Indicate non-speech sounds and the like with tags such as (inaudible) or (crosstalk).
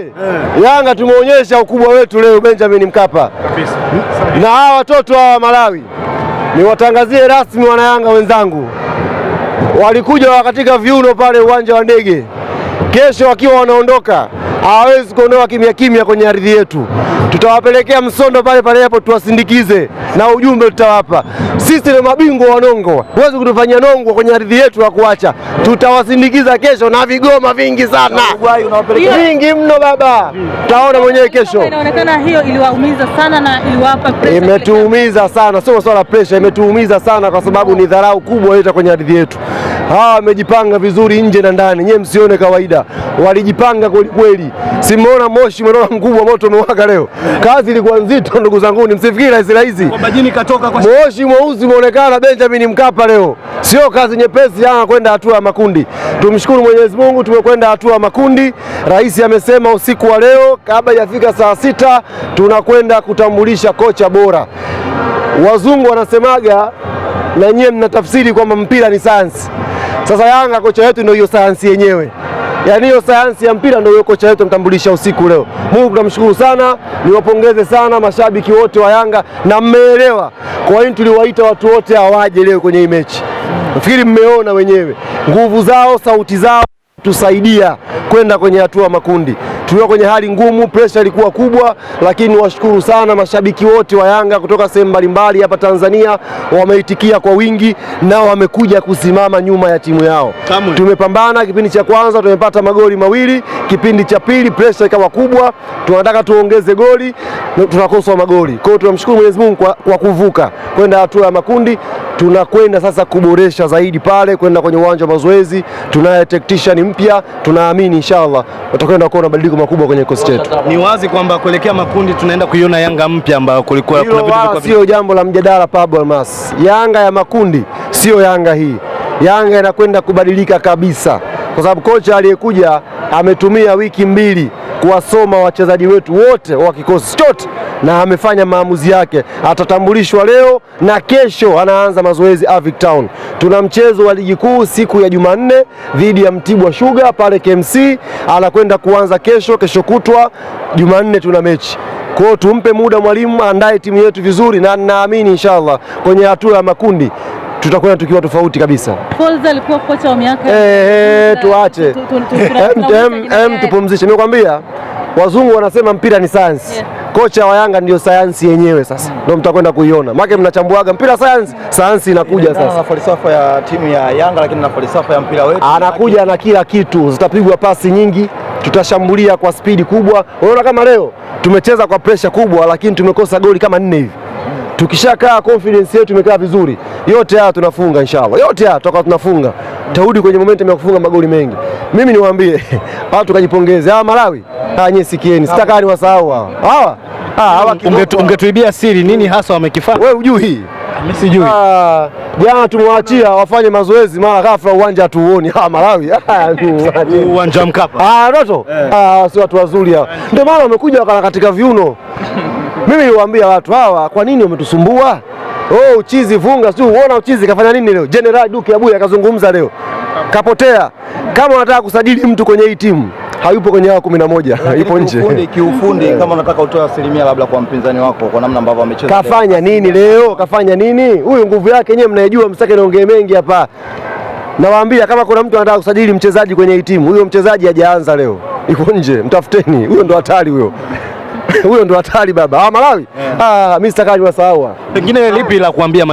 Eh. Yanga tumeonyesha ukubwa wetu leo Benjamin Mkapa kabisa. Na hawa watoto hawa Malawi niwatangazie rasmi wana yanga wenzangu, walikuja wakatika viuno pale uwanja wa ndege, kesho wakiwa wanaondoka hawezi kuonewa kimya kimya kwenye ardhi yetu. Tutawapelekea msondo pale pale hapo, tuwasindikize na ujumbe tutawapa. Sisi ni mabingwa wa nongo, huwezi kutufanyia nongo kwenye ardhi yetu ya kuacha. Tutawasindikiza kesho na vigoma vingi sana vingi mno, baba taona mwenyewe kesho. Inaonekana hiyo iliwaumiza sana na iliwapa pressure, imetuumiza sana, sio swala pressure, imetuumiza sana kwa sababu ni dharau kubwa ileta kwenye ardhi yetu hawa ah, wamejipanga vizuri nje na ndani, nyewe msione kawaida, walijipanga kweli kweli. Simona moshi, umeona mkubwa, moto tumewaka leo. Kazi ilikuwa nzito, ndugu zangu, msifikiri rahisi rahisi. Moshi mweusi umeonekana Benjamin Mkapa leo, sio kazi nyepesi. Yanga kwenda hatua ya makundi, tumshukuru Mwenyezi Mungu, tumekwenda hatua ya makundi. Rais amesema usiku wa leo kabla yafika saa sita tunakwenda kutambulisha kocha bora. Wazungu wanasemaga na nyie mnatafsiri kwamba mpira ni sayansi. Sasa Yanga kocha wetu ndio hiyo sayansi yenyewe, yaani hiyo sayansi ya mpira ndio hiyo kocha wetu mtambulisha usiku leo. Mungu tunamshukuru sana, niwapongeze sana mashabiki wote wa Yanga na mmeelewa. Kwa hiyo tuliwaita watu wote hawaje leo kwenye hii mechi, nafikiri mmeona wenyewe nguvu zao, sauti zao tusaidia kwenda kwenye hatua makundi tulikuwa kwenye hali ngumu, presha ilikuwa kubwa, lakini washukuru sana mashabiki wote wa Yanga kutoka sehemu mbalimbali hapa Tanzania, wameitikia kwa wingi na wamekuja kusimama nyuma ya timu yao. Tumepambana kipindi cha kwanza tumepata magoli mawili, kipindi cha pili presha ikawa kubwa, tunataka tuongeze goli, tunakosa magoli. Kwa hiyo tunamshukuru Mwenyezi Mungu kwa, kwa kuvuka kwenda hatua ya makundi tunakwenda sasa kuboresha zaidi pale, kwenda kwenye uwanja wa mazoezi. Tunaye technician mpya, tunaamini inshallah watakwenda kuona mabadiliko makubwa kwenye kikosi chetu. Ni wazi kwamba kuelekea makundi tunaenda kuiona Yanga mpya ambayo kulikuwa kuna vitu vilikuwa sio jambo la mjadala. Pablo Almas, Yanga ya makundi siyo Yanga hii. Yanga inakwenda kubadilika kabisa, kwa sababu kocha aliyekuja ametumia wiki mbili kuwasoma wachezaji wetu wote wa kikosi chote na amefanya maamuzi yake, atatambulishwa leo na kesho anaanza mazoezi Avic Town. Tuna mchezo wa ligi kuu siku ya Jumanne dhidi ya Mtibwa Sugar pale KMC, anakwenda kuanza kesho, kesho kutwa Jumanne tuna mechi. Kwa hiyo tumpe muda mwalimu andae timu yetu vizuri, na naamini inshallah kwenye hatua ya makundi tutakwenda tukiwa tofauti kabisa. Folz alikuwa kocha wa miaka eh, tuache tupumzishe, nimekwambia wazungu wanasema mpira ni sayansi yeah. Kocha wa Yanga ndio sayansi yenyewe sasa mm. Ndio mtakwenda kuiona, make mnachambuaga mpira sayansi, sayansi inakuja sasa na falsafa ya timu ya Yanga, lakini na falsafa ya mpira wetu anakuja na kila kitu, zitapigwa pasi nyingi, tutashambulia kwa spidi kubwa. Unaona kama leo tumecheza kwa presha kubwa, lakini tumekosa goli kama nne hivi mm. Tukishakaa confidence yetu imekaa vizuri, yote haya tunafunga inshallah, yote haya tutakuwa tunafunga tarudi kwenye momentum ya kufunga magoli mengi. Mimi niwaambie (laughs) watu kajipongeze. Hawa ah, Malawi ah, nyie sikieni, sitaka niwasahau hawa hawa ah, hawa. Ungetuibia siri, nini hasa wamekifanya? Wewe hujui? Mimi sijui. Jana tumwachia wafanye mazoezi, mara ghafla uwanja hatuuoni. Ah, Malawi (laughs) uwanja Mkapa. Ah, eh. Ah, si watu wazuri hao, ndio maana wamekuja wakala katika viuno. (laughs) Mimi niwaambia watu hawa, kwa nini wametusumbua? oh, uchizi vunga, sijui uona uchizi kafanya nini leo. General Duke Abuya akazungumza leo, kapotea. Kama unataka kusajili mtu kwenye hii timu hayupo kwenye hao kumi na moja, yupo nje kiufundi, kiufundi (laughs) kama unataka utoe asilimia labda kwa mpinzani wako kwa namna ambavyo amecheza. Kafanya nini leo? Kafanya nini huyu? Nguvu yake yenyewe mnayejua, msitake niongee mengi hapa. Nawaambia kama kuna mtu anataka kusajili mchezaji kwenye hii timu, huyo mchezaji hajaanza leo, iko nje, mtafuteni huyo, ndo hatari huyo huyo ndo hatari baba. Ah, Malawi, yeah. Ah, mimi sitakaje wasahau. Pengine lipi la kuambia